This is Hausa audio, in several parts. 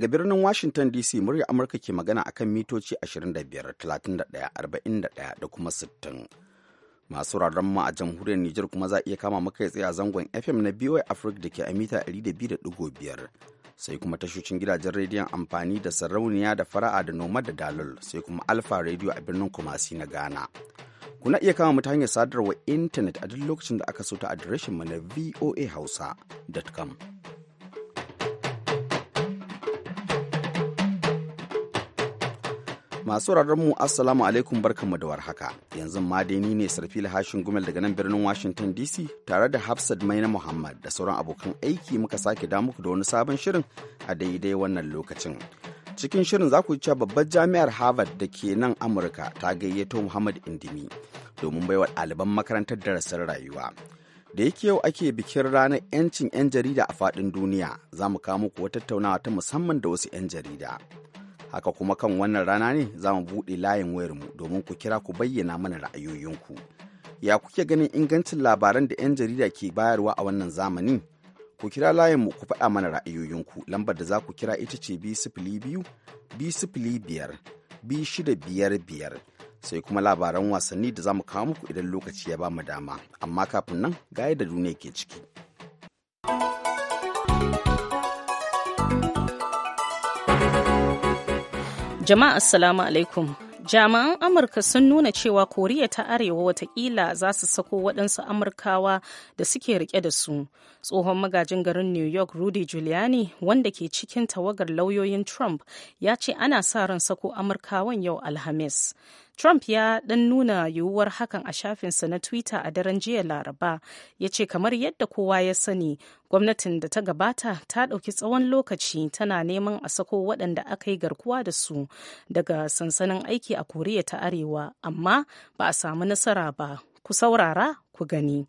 Daga birnin Washington DC murya Amurka ke magana akan mitoci 25, 31, 41 da kuma 60. Masu rarren mu a jamhuriyar Nijar kuma za a iya kama maka tsaye a zangon FM na BOA Africa da ke a mita 200.5. Sai kuma tashocin gidajen rediyon amfani da sarauniya da fara'a da noma da dalol sai kuma Alfa rediyo a birnin Kumasi na Ghana. Kuna iya kama mu ta hanyar sadarwa intanet a duk lokacin da aka so ta adireshin mu na voahausa.com. Masu mu Assalamu alaikum barkanmu da warhaka. Yanzu ma dai ni ne Sarfila Hashin Gumel daga nan birnin Washington DC tare da Hafsat Maina Muhammad da sauran abokan aiki muka sake da muku da wani sabon shirin a daidai wannan lokacin. Cikin shirin za ku cewa babbar jami'ar Harvard da ke nan Amurka ta gayyato Muhammad Indimi domin baiwa ɗaliban makarantar darasin rayuwa. Da yake yau ake bikin ranar 'yancin 'yan jarida a faɗin duniya, za mu kawo muku wata tattaunawa ta musamman da wasu 'yan jarida. haka kuma kan wannan rana ne za mu buɗe layin wayarmu domin ku kira ku bayyana mana ra'ayoyinku ya kuke ganin ingancin labaran da 'yan jarida ke bayarwa a wannan zamani ku kira layinmu ku faɗa mana ra'ayoyinku lambar da za ku kira ita ce b biyu b biyar b shida biyar biyar sai kuma labaran wasanni da za mu kawo muku idan lokaci ya ba mu dama amma kafin nan ga da duniya ke ciki. Jama'a Assalamu alaikum. Jami'an Amurka sun nuna cewa Koriya ta Arewa watakila za su sako waɗansu Amurkawa da suke rike da su. Tsohon magajin garin New York Rudy Giuliani wanda ke cikin tawagar lauyoyin Trump ya ce ana sa ran sako Amurkawan yau Alhamis. Trump ya ɗan nuna yiwuwar hakan a shafinsa na Twitter a daren jiya Laraba, ya ce kamar yadda kowa ya sani, gwamnatin da ta gabata ta ɗauki tsawon lokaci tana neman a sako waɗanda aka yi garkuwa da su daga sansanin aiki a Koriya ta Arewa, amma ba a samu nasara ba. Ku saurara ku gani.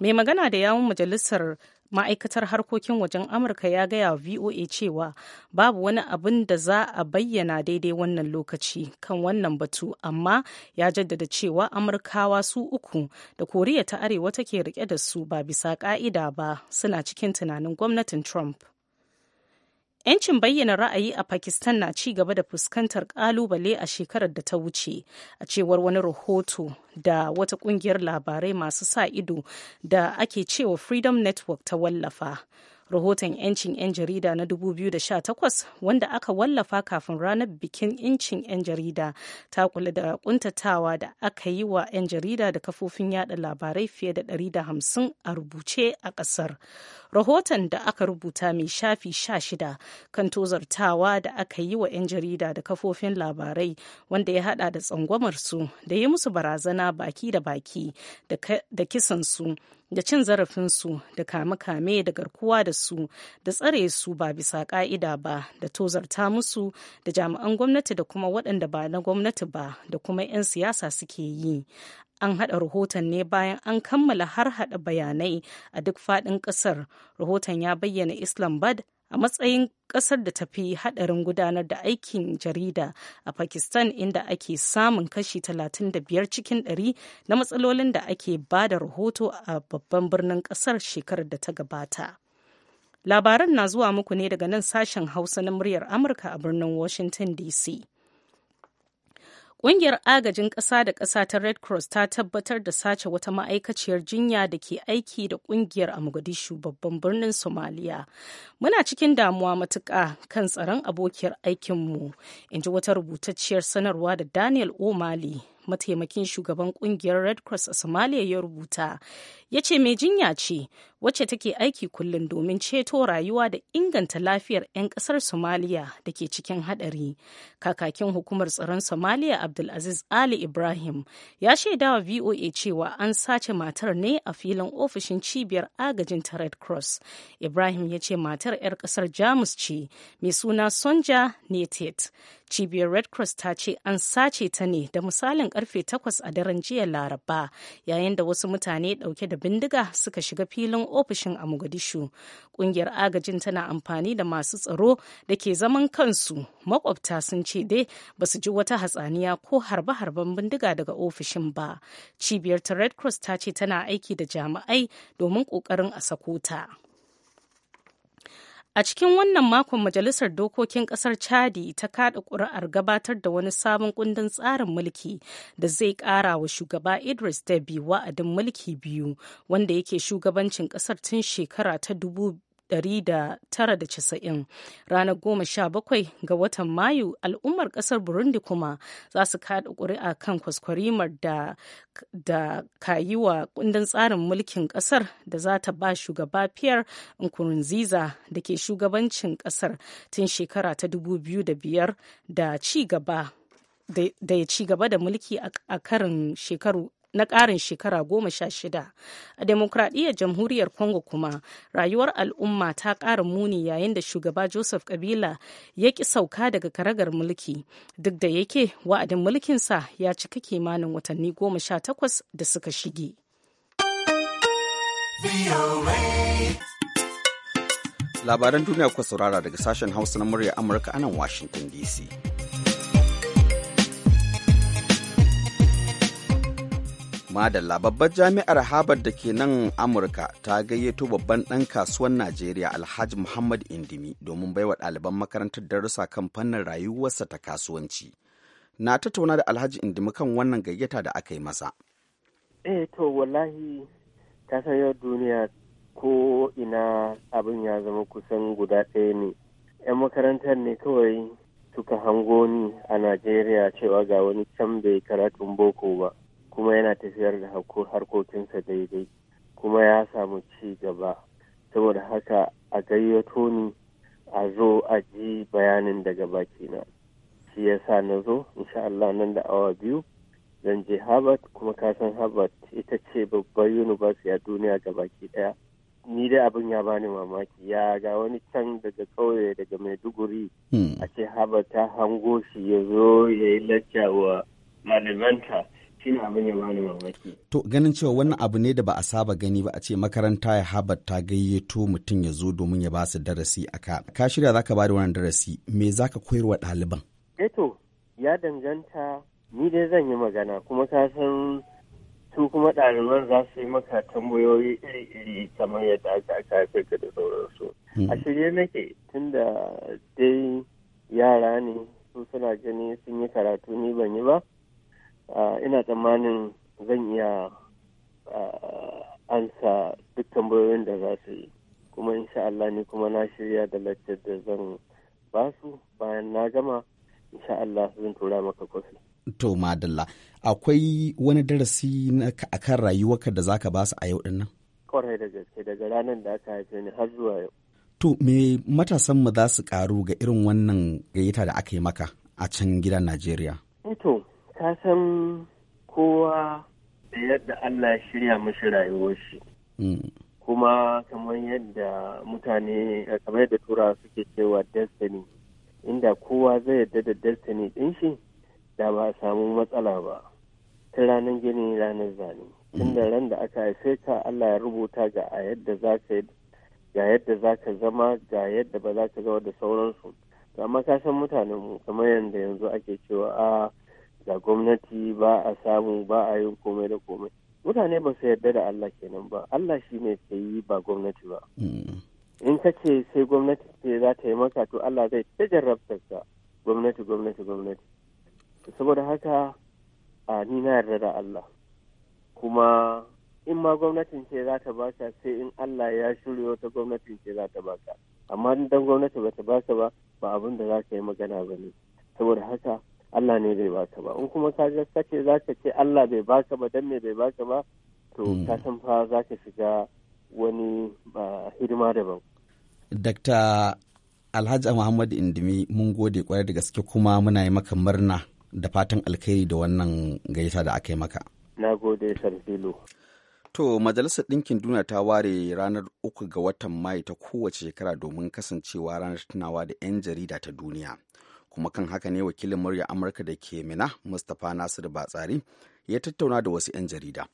Mai magana da yawun majalisar ma'aikatar harkokin wajen amurka ya gaya wa voa cewa babu wani abin da za a bayyana daidai wannan lokaci kan wannan batu amma ya jaddada cewa amurkawa su uku da koriya ta arewa take rike da su ba bisa ka'ida ba suna cikin tunanin gwamnatin trump 'Yancin bayyana ra'ayi a Pakistan na ci gaba da fuskantar kalubale a shekarar da ta wuce, a cewar wani rahoto da wata kungiyar labarai masu sa ido da ake cewa Freedom Network ta wallafa. rahoton 'yancin 'yan jarida na 2018 wanda aka wallafa kafin ranar bikin 'yancin 'yan jarida ta kula da kuntatawa da aka yi wa 'yan jarida da kafofin yada labarai fiye da 150 a rubuce a kasar rahoton da aka rubuta mai shafi 16 kan tozartawa da aka yi wa 'yan jarida da kafofin labarai wanda ya hada da tsangwamar su da yi musu barazana baki da baki da kisan su da cin zarafinsu da kame-kame da garkuwa da su da tsare su ba bisa ka'ida ba da tozarta musu da jami'an gwamnati da kuma waɗanda ba na gwamnati ba da kuma 'yan siyasa suke yi an haɗa rahoton ne bayan an kammala har haɗa bayanai a duk faɗin ƙasar rahoton ya bayyana islamabad a matsayin kasar da ta fi hadarin gudanar da aikin jarida a pakistan inda ake samun kashi 35 cikin 100 na matsalolin da ake ba da rahoto a babban birnin kasar shekarar da ta gabata labaran na zuwa muku ne daga nan sashen hausa na muryar amurka a birnin washington dc Ƙungiyar agajin ƙasa da ƙasa ta Red Cross ta tabbatar da sace wata ma'aikaciyar jinya da ke aiki da ƙungiyar a Mogadishu babban birnin Somalia. Muna cikin damuwa matuƙa kan tsaron abokiyar aikinmu, in ji wata rubutacciyar sanarwa da Daniel O'Malley, mataimakin shugaban kungiyar red cross a somalia ya rubuta ya ce mai jinya ce wacce take aiki kullum domin ceto rayuwa da inganta lafiyar 'yan kasar somalia da ke cikin hadari kakakin hukumar tsaron somalia abdulaziz ali ibrahim ya shaidawa voa cewa an sace matar ne a filin ofishin cibiyar agajin ta red cross ibrahim ya ce matar 'yar kasar jamus ce mai suna sonja netet Cibiyar Red Cross ta ce an sace ta ne da misalin karfe 8 a daren jiya Laraba yayin da wasu mutane dauke da bindiga suka shiga filin ofishin a Mogadishu. Kungiyar agajin tana amfani da masu tsaro da ke zaman kansu. Makwabta sun ce dai ba su ji wata hatsaniya ko harbe-harben bindiga daga ofishin ba. Cibiyar ta Red Cross ta ce tana aiki da jami'ai domin ƙoƙarin a sako ta. A cikin wannan makon Majalisar Dokokin Ƙasar Chadi ta kaɗa ƙuri'ar gabatar da wani sabon kundin tsarin mulki da zai ƙara wa shugaba Idris Deby wa'adin mulki biyu wanda yake shugabancin ƙasar tun shekara ta dubu 1990 ranar 17 ga watan mayu al'ummar kasar burundi kuma za su kada ƙuri'a kan kwaskwarimar da da yi wa kundin tsarin mulkin kasar da za ta ba shugaba fiyar nkurunziza da ke shugabancin kasar tun shekara ta 2005 da ci da ya ci gaba da mulki a karin shekaru na ƙarin shekara goma sha shida a demokradiyyar jamhuriyar congo kuma rayuwar al'umma ta ƙara muni yayin da shugaba joseph kabila ya ƙi sauka daga karagar mulki duk da yake wa'adin mulkinsa ya cika kimanin watanni goma sha takwas da suka shige. Labaran duniya kuka saurara daga sashen Hausa na murya Amurka anan nan Washington DC. Madalla babbar jami'ar Harvard da ke nan Amurka ta gayyato babban ɗan kasuwan Najeriya Alhaji Muhammad Indimi domin baiwa ɗaliban makarantar darussa kan fannin rayuwarsa ta kasuwanci. Na tattauna da Alhaji Indimi kan wannan gayyata da aka yi masa. Eh to wallahi ta yau duniya ko ina abin ya zama kusan guda ɗaya ne. 'Yan makarantar ne kawai suka hango ni a Najeriya cewa ga wani can bai karatun boko ba. kuma yana tafiyar da harkokinsa daidai kuma ya samu ci gaba saboda haka a gayyato ni a zo a ji bayanin daga bakina shi ya sa na zo insha Allah nan da awa biyu zan je Harvard kuma kasan Harvard ita ce babbar university a duniya ga baki daya ni dai abin ya bani mamaki ya ga wani can daga kauye daga maiduguri hmm. a ce Harvard ta hango shi ya zo ya yi lacca wa malamanta shine abin ya bani mamaki to ganin cewa wannan abu ne da ba a saba gani ba a ce makaranta ya habar ta gayyato mutum ya zo domin ya ba su darasi a ka ka shirya za ba da wannan darasi me za zaka koyarwa ɗaliban eto eh ya danganta ni dai zan yi magana kuma ka san su kuma ɗaliban za su yi maka tambayoyi iri-iri kamar yadda aka aka ka da sauransu hmm. a shirye nake tunda dai yara ne su suna gani sun yi karatu ni ban yi ba Ah, ina tsammanin zan iya ah, ansa duk tambayoyin da za su yi kuma insha Allah ni kuma na shirya da laccar da zan ba su bayan na gama insha Allah zan tura maka kwafi. To madalla akwai wani darasi a kan rayuwarka da za ka ba su a yau dinnan. nan? Kwarai da gaske daga ranar da aka haife ni har zuwa yau. To me matasan mu za su karu ga irin wannan gayyata da aka yi maka a can gidan Najeriya? Ito, eh ka san kowa da yadda Allah ya shirya mashi rayuwar shi mm. kuma kamar yadda mutane kamar yadda tura suke cewa destiny inda kowa zai yadda da destiny ɗin shi da ba a samu matsala ba ta ranar gini ranar zane mm. tunda ran da aka haife ka Allah ya rubuta ga a yadda za ka ga yadda za ka zama ga yadda ba za ka zama da sauransu amma ka mutanenmu kamar yadda yanzu ake cewa a ah, da gwamnati ba a samu ba a yin komai da komai mutane ba su yarda da Allah kenan ba Allah shi ne ke yi ba gwamnati ba mm. in ka ce sai gwamnati ce za ta yi maka to Allah zai ta jarrabta ka gwamnati gwamnati gwamnati saboda haka a ni na yarda da Allah kuma in ma gwamnatin ce za ta baka sai in Allah ya shirya wata gwamnatin ce za ta baka amma dan gwamnati ba ta baka ba ba abin da za ka yi magana ba ne saboda haka Allah ne bai baka ba in kuma ka ga kace za ka ce Allah bai baka ba dan me bai baka ba to hmm. ka san fa za ka shiga wani hidima daban Dr. Alhaji Muhammad Indimi mun gode kwarai da gaske kuma muna yi maka murna da fatan alkhairi da wannan gaisa da aka yi maka. Na gode Sarfilo. To, Majalisar Ɗinkin Duniya ta ware ranar uku ga watan Mai ta kowace shekara domin kasancewa ranar tunawa da 'yan jarida ta duniya. kuma kan haka ne wakilin murya amurka da ke mina mustapha nasiru batsari ya tattauna da wasu 'yan jarida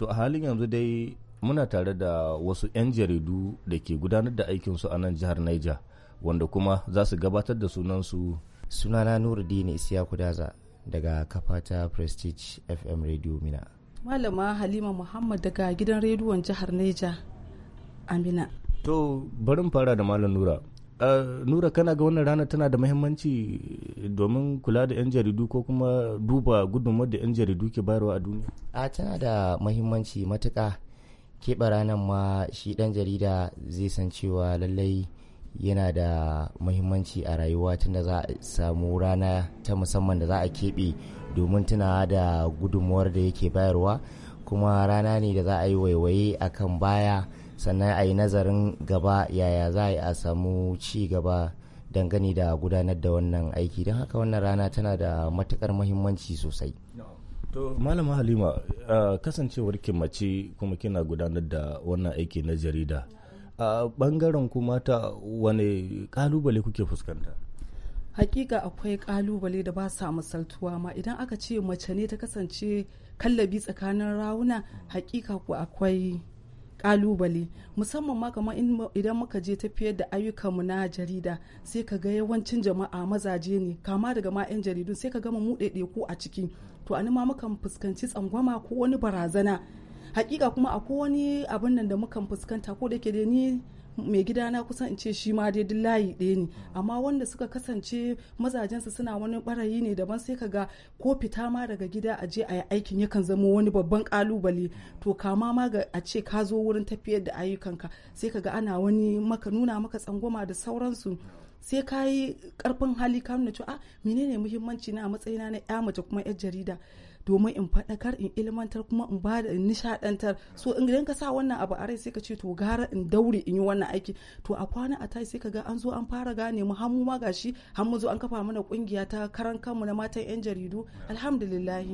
to a halin yanzu dai muna tare da wasu 'yan jaridu da ke gudanar da aikinsu a nan jihar niger wanda kuma za su gabatar da sunansu sunana nuruddin siya kudaza daga kafata prestige fm radio mina malama halima muhammad daga gidan rediyon jihar neja amina to barin fara da malam nura nura kana ga wannan rana tana da mahimmanci domin kula da 'yan jaridu ko kuma duba gudunmawar da 'yan jaridu ke bayarwa a duniya a tana da mahimmanci matuka keɓe ranar ma shi ɗan jarida zai san cewa lallai yana da mahimmanci a rayuwa tunda za a samu rana ta musamman da za a keɓe domin tuna da gudunmuwar da yake bayarwa kuma rana ne da za a yi waiwaye akan baya sannan a yi nazarin gaba yaya za a samu ci gaba dangane da gudanar da wannan aiki don haka wannan rana tana da matukar muhimmanci sosai to malama halima kasancewar mace kuma kina gudanar da wannan aiki na jarida a bangaren ku mata wane kalubale kuke fuskanta hakika akwai kalubale da ba sa misaltuwa ma idan aka ce mace ne ta kasance kallabi tsakanin rawuna hakika ku akwai kalubale musamman ma kamar idan muka je tafiyar da ayyukanmu na jarida sai ka ga yawancin jama'a mazaje ne kama daga ma 'yan jaridun sai ka gama mu ko a ciki to a ma mukan fuskanci tsangwama ko wani barazana hakika kuma akwai wani abin nan da mukan fuskanta ko da ke da ni mai gida na kusan in ce shi ma dai layi ɗaya ne amma wanda suka kasance mazajensu suna wani barayi ne daban sai ka ga ko fita ma daga gida a je a yi aikin yakan zama wani babban kalubale to kama ma ga a ce ka zo wurin tafiyar da ayyukanka sai ka ga ana wani maka nuna maka tsangwama da sauransu sai ka yi karfin hali ka nuna cewa a ah, menene muhimmanci na a matsayina na ya mace kuma yar jarida domin in faɗakar in ilmantar kuma in ba da nishaɗantar so in ka sa wannan abu a rai sai ka ce to gara in daure in yi wannan aiki to a kwana a tai sai ka ga an zo an fara gane mu hannu ma gashi har mu zo an kafa mana kungiya ta karan kanmu na matan yan jaridu alhamdulillah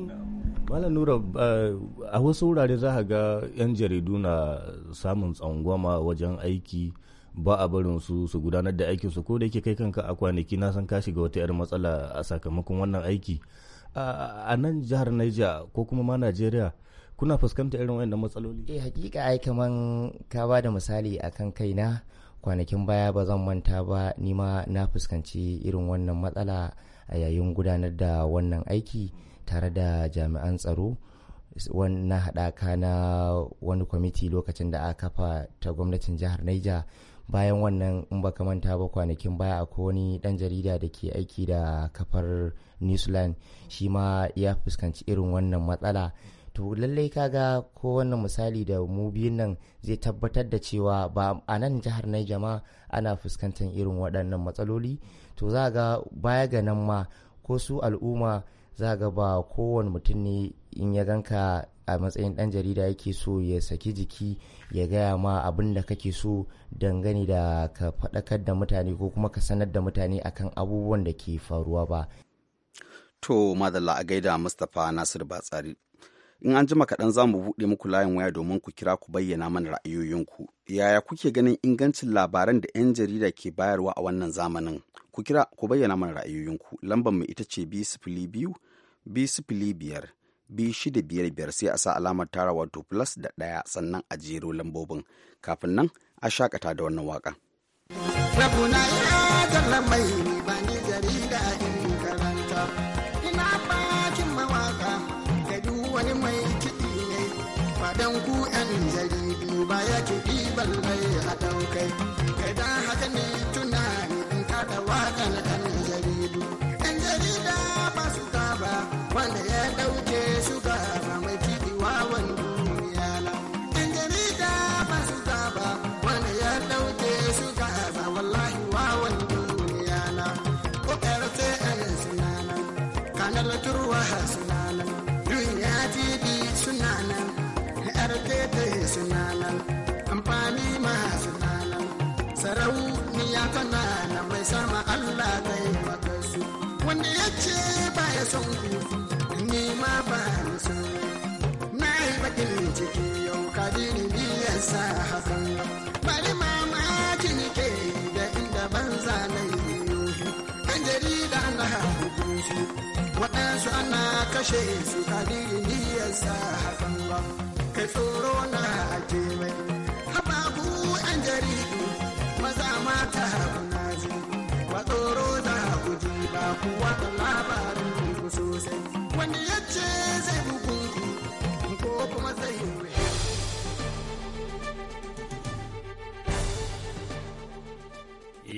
malam nura eh, a wasu wurare za ka ga yan jaridu na samun tsangwama wajen aiki ba a barin su su gudanar da aikinsu ko da yake kai kanka a kwanaki na san ka shiga wata 'yar matsala a sakamakon wannan aiki a nan jihar Niger ko kuma ma Najeriya kuna fuskantar irin wayannan matsaloli eh hakika ai kaman ka ba da misali akan kaina kwanakin baya ba zan manta ba ni ma na fuskanci irin wannan matsala a yayin gudanar da wannan aiki tare da jami'an tsaro na haɗaka na wani kwamiti lokacin da aka kafa ta gwamnatin jihar Niger bayan wannan in baka manta ba kwanakin baya akwai wani ɗan jarida da ke aiki da kafar new zealand shi ma ya fuskanci irin wannan matsala to lallai kaga ko wannan misali da mu biyun nan zai tabbatar da cewa ba a nan jihar Niger ma ana fuskantar irin waɗannan matsaloli to za ga baya ga nan ma ko su al'umma za ga ba kowane mutum ne in ya ganka a matsayin ɗan jarida yake so ya saki jiki ya gaya ma abin da kake so dangane da ka faɗakar da mutane ko kuma ka sanar da mutane akan abubuwan da ke faruwa ba To madalla a gaida Mustapha Nasir Batsari. In an jima kaɗan za mu buɗe muku layin waya domin ku kira ku bayyana mana ra'ayoyinku. Yaya kuke ganin ingancin labaran da 'yan jarida ke bayarwa a wannan zamanin? Ku kira ku bayyana mana ra'ayoyinku. Lambar mu ita ce bi sifili biyu, bi sifili biyar, bi shida biyar biyar sai a sa alamar tara wato plus da ɗaya sannan a jero lambobin. Kafin nan a shakata da wannan waƙa. Rabu na ya mai ba ni jarida in dan ku yan jaridu ba ya ke ɗibar mai haɗau kai kai dan haka ne tunani in kaɗa waƙan yan jaridu yan jarida ba su ba wanda ya ɗauke su ba mai kiɗi wawan duniya na yan jarida ba su ba wanda ya ɗauke su ba wallahi wawan duniya na ko ƙarfe yan sunana kanar turwa hasu nan amfani masu nan sarauniya tana nan mai sama Allah taimaka su wanda ya ce ba ya son ku ni ma ba ni so na yi bakin ciki yau kadiri biyar sa hakan bari mamaki ni ke da inda ban yi yohi an jarida na hukunci waɗansu ana kashe su kadiri biyar sa hakan ba kai tsoro na ake hababu an jaridu maza mata kuna ji tsoro za ku ji ba kuwa da labarin ku sosai Wani ya ce zai bugu ko kuma zai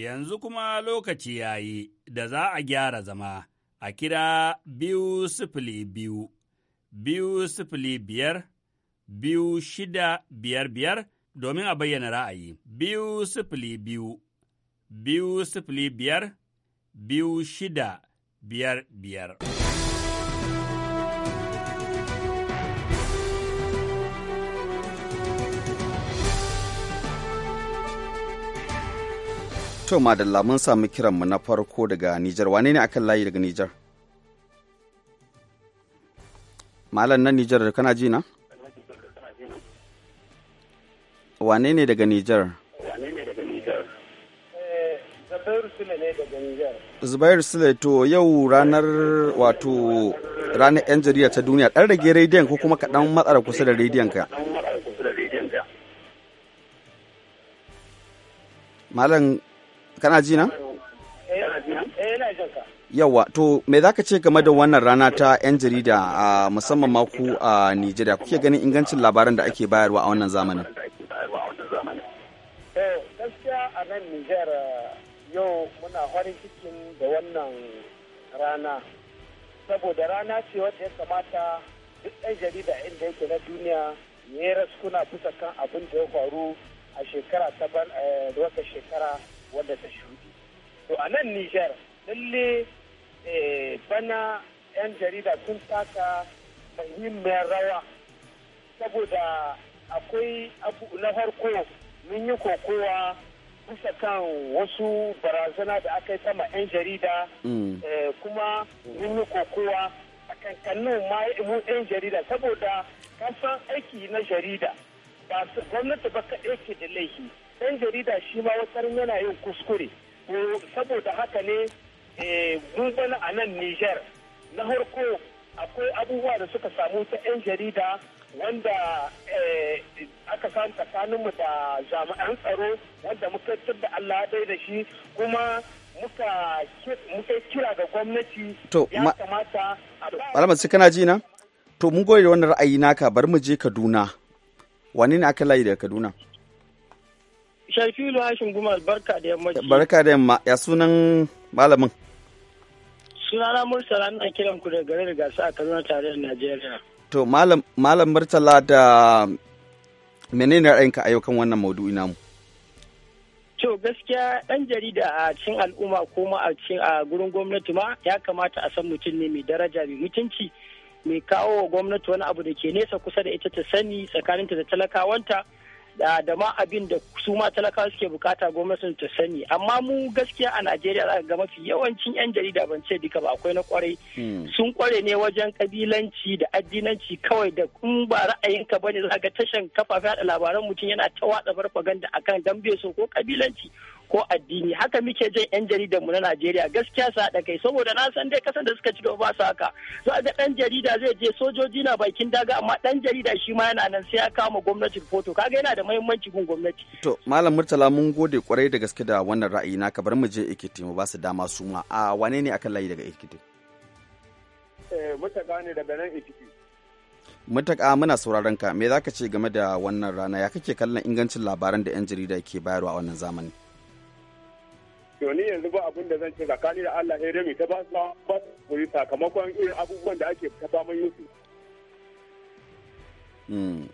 Yanzu kuma lokaci ya yi da za a gyara zama a kira biyu sifili biyu, biyu sifili biyar biyu shida biyar biyar domin a bayyana ra'ayi. Biyu sifili biyu, biyu sifili biyar, biyu shida biyar biyar. To madalla mun sami kiranmu na farko daga Nijar, wane ne akan layi daga Nijar? Malam na Nijar kana ji na? Wane eh, ne daga Nijar? Zubairu Sule to yau ranar wato ranar 'yan jarida ta duniya ɗan rage rediyon ko kuma kaɗan matsara kusa da rediyon ka. Malam kana ji nan? Eh, eh, Yawa, to me za ka ce game da wannan rana ta 'yan jarida a musamman maku a Nijeriya kuke ganin ingancin labaran da ake bayarwa a wannan zamanin? a nan Nijar eh, yau muna farin cikin da wannan rana. Saboda rana ce wata ya kamata duk ɗan jarida inda yake na duniya ya yi raskuna kusa kan abin da ya faru a shekara ta ban eh, da wata shekara wadda ta shuɗi. To a nan Nijar lalle eh, bana 'yan jarida sun taka muhimmiyar rawa saboda akwai abu na farko mun yi kokowa bisa kan wasu barazana da aka yi sama 'yan jarida mm. eh, kuma mun yi kokowa a kankanin ma yan jarida saboda kasan aiki na jarida ba su gwamnati ba kaɗai ke da laifi yan jarida shi ma wata yana yin kuskure ko saboda haka ne eh, mun a nan Nijar na harko akwai abubuwa da suka samu ta yan jarida wanda eh, aka samu tsakaninmu da jami'an tsaro wanda muka da Allah dai da shi kuma muka kira ga gwamnati ya kamata Malamar su kana ji na? To mun goyi da wannan ra'ayi naka bari mu je Kaduna. Wani ne aka layi da Kaduna? Shafilu Hashim Guma barka da yammaci. Barka da yamma. Ya sunan malamin? Sunana Murtala na kiran ku da garin gasa a Kaduna da Najeriya. To, Malam Murtala da menene ra'ayinka a yau kan wannan maudu'i namu? To gaskiya ɗan jarida a cikin al'umma ko ma a cikin a gurin gwamnati ma ya kamata a san mutum ne mai daraja mai mutunci mai kawo wa gwamnati wani abu da ke nesa kusa da ita ta sani tsakaninta da talakawanta da ma abin da su ma talakawa suke bukata gwamnatin ta sani amma mu gaskiya a najeriya za ga mafi yawancin yan jarida ban ce duka ba akwai na kwarai hmm. sun kware ne wajen kabilanci da addinanci kawai da kun ba ra'ayinka ba ne za ga tashan kafafen labaran mutum yana ta watsa farfaganda akan dambe so ko kabilanci ko addini haka muke jin yan jaridar mu na Najeriya gaskiya sa da kai saboda na san dai kasan da suka ci gaba su haka za ga dan jarida zai je sojoji na bakin daga amma dan jarida shi ma yana nan sai ya kama gwamnati foto kaga yana da muhimmanci gun gwamnati to malam Murtala mun gode kwarai da gaske da wannan ra'ayi naka bar mu je Ekiti mu ba su dama su ma a wane ne akan layi daga Ekiti eh mutaka ne daga nan Ekiti mutaka muna sauraron ka me zaka ce game da wannan rana ya kake kallon ingancin labaran da yan jarida ke bayarwa a wannan zamani to ni yanzu ba abin da zan ce tsakani da Allah ya rami ta ba su ba su sakamakon irin abubuwan da ake ta faman yusu. Hmm.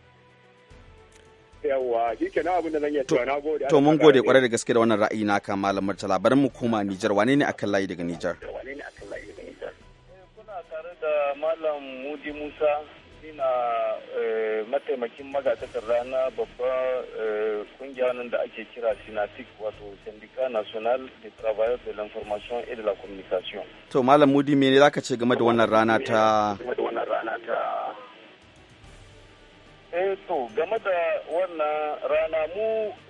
Yawwa, shi kenan abin da zan yi tuwa na gode. To mun gode kwarai da gaske da wannan ra'ayi na naka malam Murtala bari mu koma Nijar wane ne akan layi daga Nijar? Wane ne akan layi daga Nijar? Eh, kuna tare da Malam Mudi Musa ni na eh, mataimakin magatakar rana babban eh, kungiya nan da ake kira sinatik wato syndicat national de travailleurs de l'information et de la communication to malam mudi me ne zaka ce game da wannan rana ta eh to game da wannan rana mu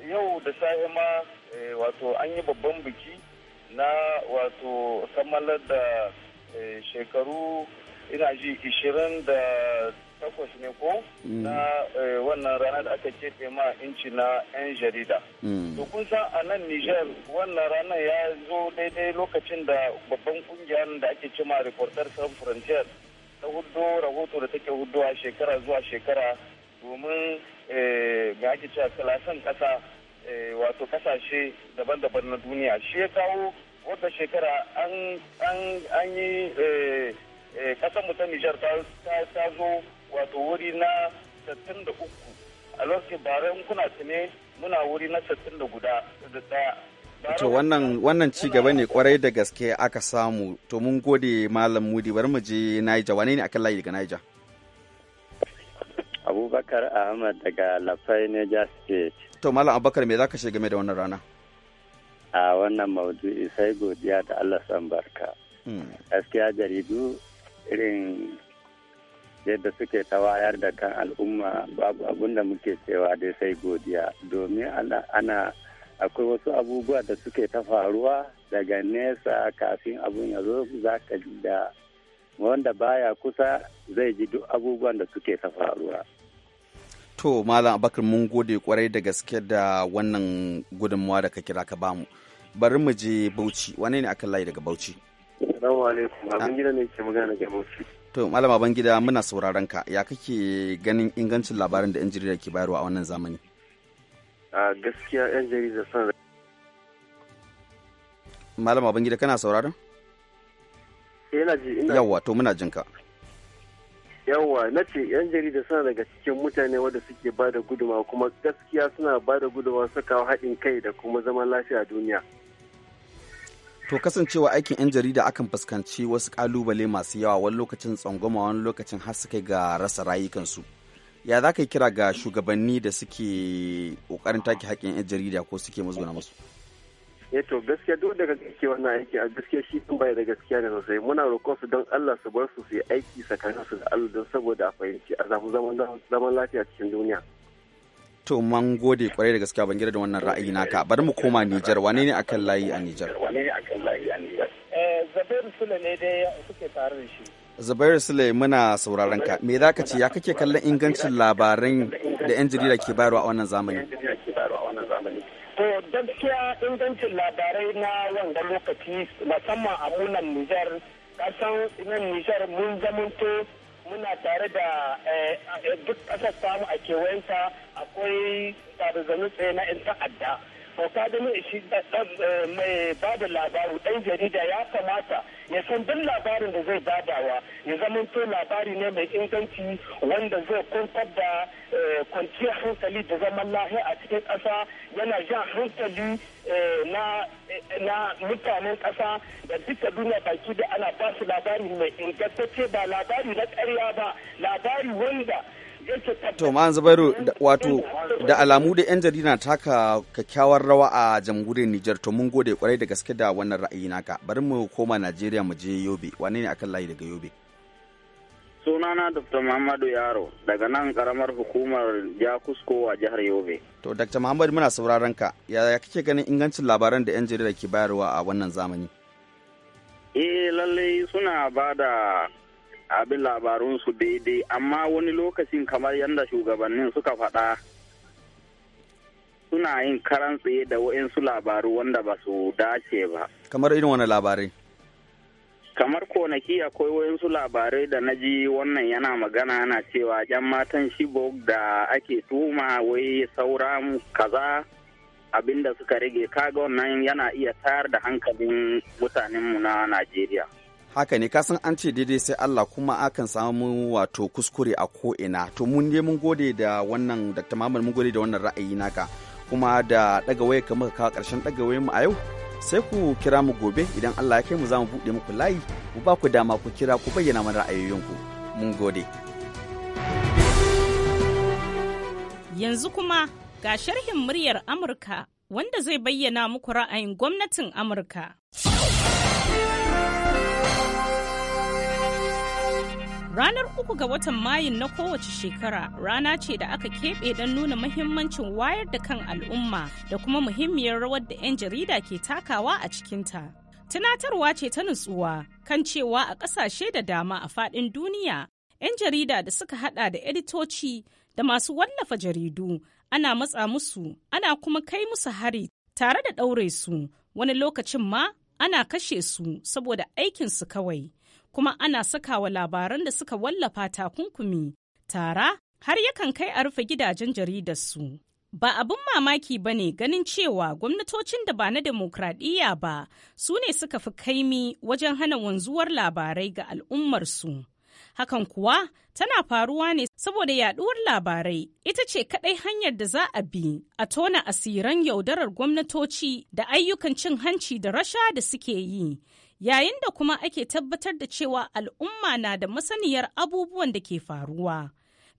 yau da safe ma eh, wato an yi babban biki na wato kammalar da shekaru ina ji da takwas ne ko mm. na eh, wannan rana da aka keɓe ma inci na 'yan jarida. Mm. To kun san a nan Nijar wannan rana ya zo daidai lokacin da babban kungiyar da ake ma Reporter san Frontier ta hudu rahoto da take a shekara zuwa shekara domin eh, ga ake cewa kalasan kasa eh, wato kasashe daban-daban na duniya shi ya kawo wata shekara an yi mu ta Nijar ta zo wato wuri na 63 a lokacin bara kuna tune muna wuri na 60 guda da daya to wannan wannan ci gaba ne kwarai da gaske aka samu to mun gode malam mudi bari mu je naija wane ne akan layi daga naija abubakar ahmad daga lafai niger state to malam abubakar me zaka shiga game da wannan rana a wannan maudu'i sai godiya da allah san barka hmm. gaskiya jaridu irin yadda suke ta wayar da kan al'umma babu abin da muke cewa dai sai godiya domin ana akwai wasu abubuwa da suke ta faruwa daga nesa kafin abun ya zo za ka ji da wanda baya kusa zai ji duk abubuwan da suke ta faruwa to malam abakar mun gode kwarai da gaske da wannan gudunmawa da ka kira ka bamu bari mu je bauchi wane ne akan layi daga bauchi Assalamu alaikum, abin ah. gida ne ke magana daga Bauchi. To malama Bangida muna sauraron ka ya kake ganin ingancin labarin da 'yan jarida ke bayarwa a wannan zamani? A gaskiya 'yan jarida son Malama Bangida kana sauraron? Yana eh, ji ina. Yawwa to muna jinka. Yawwa na ce 'yan jarida suna daga cikin mutane wadda suke ba da gudumawa kuma gaskiya suna ba da gudumawa su kawo haɗin kai da kuma zaman lafiya a duniya. To kasancewa aikin 'yan jarida akan fuskanci wasu kalubale masu yawa wani lokacin tsangwama wani lokacin har su kai ga rasa rayukansu. Ya za ka yi kira ga shugabanni da suke ƙoƙarin take haƙƙin 'yan jarida ko suke musguna masu. eh to gaskiya duk daga gaske wannan aiki a gaskiya shi din bai da gaskiya ne sosai muna roƙon su don Allah su bar su su yi aiki tsakanin su da Allah don saboda a fahimci a zaman lafiya cikin duniya To man gode kwarai da gaskiya ban gida da wannan ra'ayi naka. Bari mu koma Nijar wane ne akan layi a Nijar? Wane eh, Zabairu Sule ne dai suke tare da shi. Zabairu Sule muna sauraron ka. Me za ka ce ya kake kallon ingancin labarin da 'yan jarida ke bayarwa a wannan zamani? To gaskiya ingancin labarai na wannan lokaci musamman a munan Nijar, kasan nan Nijar mun zamanto muna tare da eh, eh, duk kasar samu a kewayenta akwai tsare tsaye na 'yan ta'adda to ka ga shi eh, eh, mai bada labaru ɗan jarida ya kamata ya san duk labarin da zai badawa ya zamanto labari ne mai inganci wanda zai kwantar da eh, kwanciyar hankali da zaman lahi a cikin ƙasa yana jan hankali na na mutanen ƙasa da duka duniya baki da ana ba su labari mai ingantacce ba labari na ƙarya ba labari wanda To ma'an Zubairu wato da alamu da 'yan jarida taka kyakkyawar rawa a jamhuriyar Nijar to mun gode kwarai da gaske da wannan ra'ayi naka. Bari mu koma Najeriya mu je Yobe. Wane ne akan layi daga Yobe? Sunana Dr. Muhammadu Yaro daga nan karamar hukumar Jakusko a jihar Yobe. To Dr. Muhammadu muna sauraron ka. Yaya kake ganin ingancin labaran da 'yan jarida ke bayarwa a wannan zamani? Eh lallai suna bada. abin labarunsu daidai amma wani lokacin kamar yadda shugabannin suka faɗa suna yin karan tsaye da wa'insu labaru wanda ba su dace ba kamar irin wani labarai kamar konaki akwai wa'insu labarai da na ji wannan yana magana na cewa yan matan shibok da ake tuma wai saura kaza abinda suka rage kaga wannan yana iya tayar da hankalin mutanenmu na najeriya haka ne kasan an ce daidai sai Allah kuma akan samu wato kuskure a ko'ina to mun ne mun gode da wannan Dr. mamman mun gode da wannan ra'ayi naka kuma da daga waya muka kawo karshen daga mu a yau sai ku kira mu gobe idan Allah ya kai mu za mu buɗe muku layi mu ba ku dama ku kira ku bayyana mana ra'ayoyinku mun gode yanzu kuma ga sharhin muryar Amurka wanda zai bayyana muku ra'ayin gwamnatin Amurka. Ranar uku ga watan Mayun na kowace shekara rana ce da aka keɓe don nuna muhimmancin wayar da kan al'umma da kuma muhimmiyar rawar da 'yan jarida ke takawa a cikinta. Tunatarwa ce ta nutsuwa kan cewa a ƙasashe da dama a faɗin duniya, 'yan jarida da suka haɗa da editoci da masu wallafa jaridu ana matsa musu ana kuma kai musu hari tare da ɗaure su wani lokacin ma ana kashe su saboda aikinsu kawai. kuma ana sakawa labaran da suka wallafa takunkumi tara har yakan kai a rufe gidajen jaridarsu. Ba abin mamaki ba ne ganin cewa gwamnatocin da ba na demokradiyya ba su ne suka fi kaimi wajen hana wanzuwar labarai ga al'ummarsu. Hakan kuwa tana faruwa ne saboda yaduwar labarai ita ce kaɗai hanyar da za a bi a tona asiran yaudarar gwamnatoci da ayyukan cin hanci da rasha da suke yi yayin da kuma ake tabbatar da cewa al'umma na da masaniyar abubuwan da ke faruwa.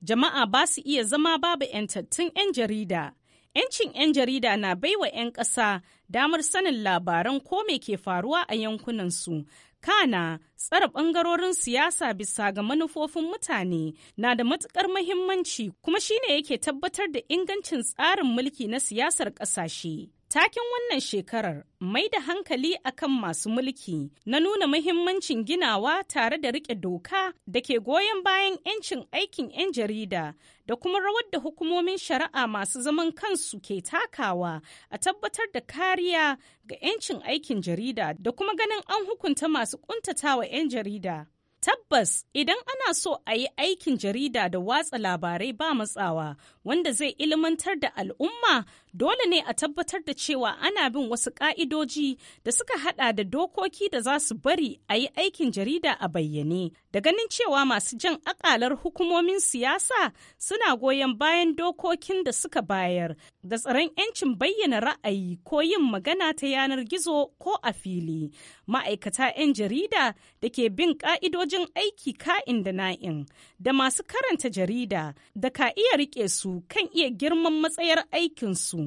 Jama'a ba su iya zama babu 'yantattun 'yan jarida. 'Yancin 'yan jarida na baiwa 'yan ƙasa damar sanin labaran ko me ke faruwa a yankunansu. Kana tsara ɓangarorin siyasa bisa ga manufofin mutane na da matuƙar mahimmanci kuma shine yake tabbatar da ingancin tsarin mulki na siyasar ƙasashe. Takin wannan shekarar mai da hankali akan masu mulki na nuna muhimmancin ginawa tare da riƙe doka da ke goyon bayan 'yancin aikin 'yan jarida da kuma rawar da hukumomin shari'a masu zaman kansu ke takawa a tabbatar da kariya ga 'yancin aikin jarida da kuma ganin an hukunta masu ƙuntatawa 'yan jarida. Tabbas idan ana so a yi aikin jarida da watsa labarai ba matsawa wanda zai ilmantar da al'umma dole ne a tabbatar da cewa ana bin wasu ka'idoji da suka hada da dokoki da za su bari a yi aikin jarida a bayyane. Da ganin cewa masu jan akalar hukumomin siyasa suna goyon bayan dokokin da suka bayar da tsaron 'yancin bayyana ra'ayi ko yin magana ta yanar gizo ko a fili ma'aikata 'yan jarida da ke bin ka'idojin aiki ka'in da na'in da masu karanta jarida da ka iya rike su kan iya girman matsayar aikinsu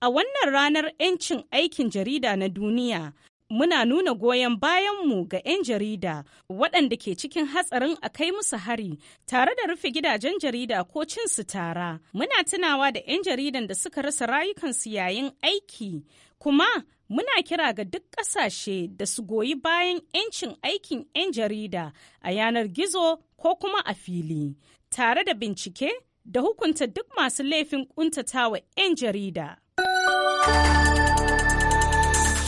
a wannan ranar 'yancin aikin jarida na duniya muna nuna goyon bayanmu ga 'yan jarida waɗanda ke cikin hatsarin a kai musu hari tare da rufe gidajen jarida ko cin su tara. Muna tunawa da 'yan jaridan da suka rasa rayukansu yayin aiki, kuma muna kira ga duk ƙasashe da su goyi bayan 'yancin aikin 'yan jarida a yanar gizo ko kuma a fili, tare da bincike da hukunta duk masu laifin ƙuntatawa 'yan jarida.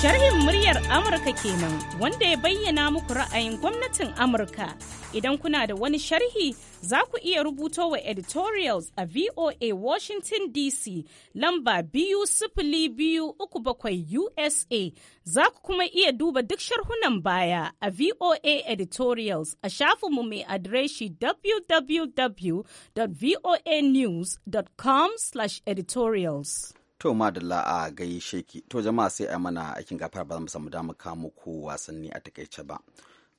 Sharhin muryar Amurka kenan wanda ya bayyana muku ra'ayin gwamnatin Amurka. Idan kuna da wani sharhi za ku iya rubuto wa editorials a VOA Washington DC lamba biyu sifili biyu uku bakwai USA za ku kuma iya duba duk sharhunan baya a VOA editorials a shafinmu mai adireshi www.voanews.com/editorials. To madalla a gaishe ki. To jama'a sai a mana aikin gafara ba za mu samu damar kamo ko wasanni a takaice ba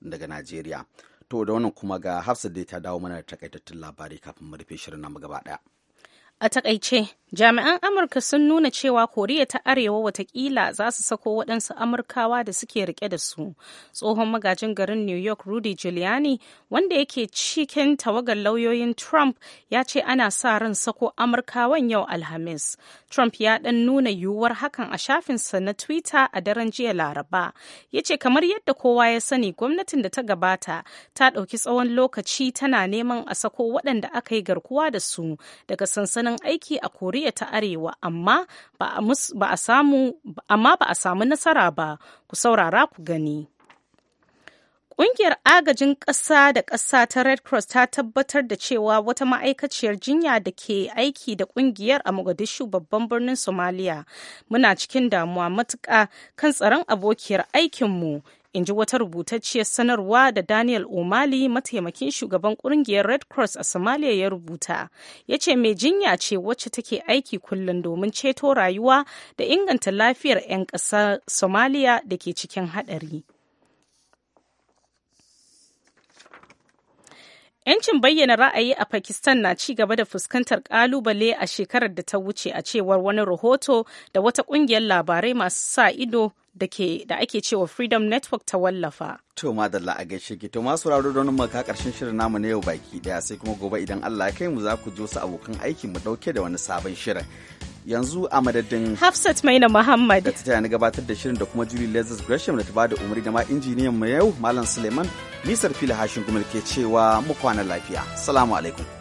daga Najeriya. To da wannan kuma ga Hafsat dai ta dawo mana da takaitattun labari kafin mu rufe shirin namu gaba daya. A takaice, jami'an Amurka sun nuna cewa Koriya ta Arewa watakila za su sako waɗansu Amurkawa da suke rike da su. Tsohon magajin garin New York Rudy Giuliani, wanda yake cikin tawagar lauyoyin Trump, ya ce ana sa ran sako Amurkawan yau Alhamis. Trump ya ɗan nuna yiwuwar hakan a shafinsa na Twitter a daren jiya Laraba. Ya ce kamar yadda kowa ya sani gwamnatin da ta gabata ta ɗauki tsawon lokaci tana neman a sako waɗanda aka yi garkuwa da su daga sansanin abokanan aiki a koriya ta arewa amma ba a samu nasara ba ku saurara ku gani Ƙungiyar agajin ƙasa da ƙasa ta Red Cross ta tabbatar da cewa wata ma'aikaciyar jinya da ke aiki da ƙungiyar a Mogadishu babban birnin Somalia. Muna cikin damuwa matuƙa kan tsaron abokiyar aikinmu, in ji wata rubutacciyar sanarwa da daniel o'mali mataimakin shugaban kungiyar red cross a somalia ya rubuta ya ce mai jinya ce wacce take aiki kullum domin ceto rayuwa da inganta lafiyar 'yan ƙasar somalia da ke cikin haɗari 'Yancin bayyana ra'ayi a Pakistan na ci gaba da fuskantar kalubale a shekarar da ta wuce a cewar wani rahoto da wata kungiyar labarai masu sa ido da ake cewa Freedom Network ta wallafa. To madalla a gaishe ki to masu raro don maka karshen shirin namu na yau baki daya sai kuma gobe idan Allah ya kai mu za ku ji wasu abokan aiki mu dauke da wani sabon shirin. yanzu a madadin Hafsat Maina Muhammad da ta na gabatar da shirin da kuma Julie Lazarus Gresham da ta bada umarni da ma injiniyan mu yau Malam Suleiman Nisar Fila Hashin Gumal ke cewa mu kwana lafiya. Salamu alaikum.